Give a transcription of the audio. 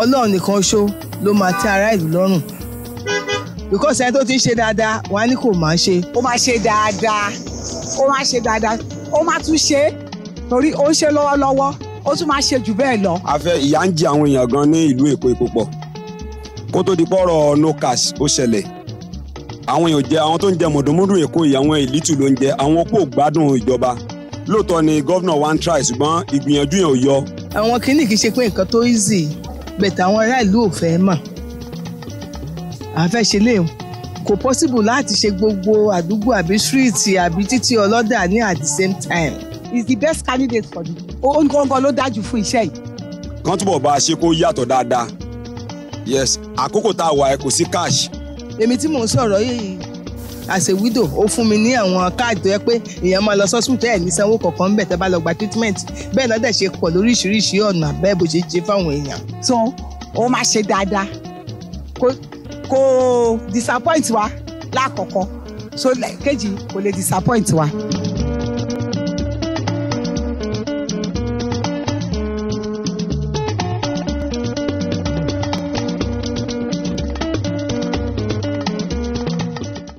ọlọ́run nìkan ṣó ló máa tẹ́ ará ìlú lọ́rùn because ẹni tó ti ń ṣe dáadáa wọn ní kò máa ṣe. ó máa ṣe dáadáa ó máa ṣe dáadáa ó máa tún ṣe é torí ó ń ṣe lọ́wọ́lọ́wọ́ ó tún máa ṣe jù bẹ́ẹ̀ lọ. a fẹ́ ń jẹ àwọn èèyàn gan ní ìlú èkó epo pọ̀ kó tó di pọ́rọ̀ no cash ó ṣẹlẹ̀ àwọn èèyàn jẹ àwọn tó ń jẹ mọ̀dùnmọ́dùn èkó yìí àwọn ìlítù ló ń jẹ àwọn kò gbádùn ìjọba lóòótọ́ ni gómìnà wa ń try ṣùgbọ́n ìgbìyànjú yẹn ò yọ. àwọn kìnnìkì ṣe pé nǹkan tó easy bẹ̀tẹ̀ àwọn aráàlú ò fẹ́ mọ̀ à ń fẹ́ ṣe léèwọ̀n kò possible láti ṣe gbogbo àdúgbò àbí street àbí títí ọlọ́dà ní at the same time. is the best candidate for the òun gangan ló dájú fún iṣẹ́ yìí. kán túbọ̀ bá a ṣe kó yàtọ̀ dáadáa yes àkókò tá a wà ẹ kò sí cash. èmi tí mò ń sọ̀rọ̀ yìí as a widow ó fún mi ní àwọn káàdì tó yẹ pé èèyàn máa lọ sọ́sùn tẹ́ ẹ̀ ní sanwó kọ̀ọ̀kan ń bẹ̀ tẹ́ bá lọ gba treatment bẹ́ẹ̀ náà dẹ̀ ṣe pọ̀ lóríṣiríṣi ọ̀nà bẹ́ẹ̀ bó ṣe ṣe fáwọn èèyàn. so ó máa ṣe dáadáa kó kó disappoint wa lákọ̀ọ́kọ́ so kejì kò lè disappoint wa. Mm -hmm.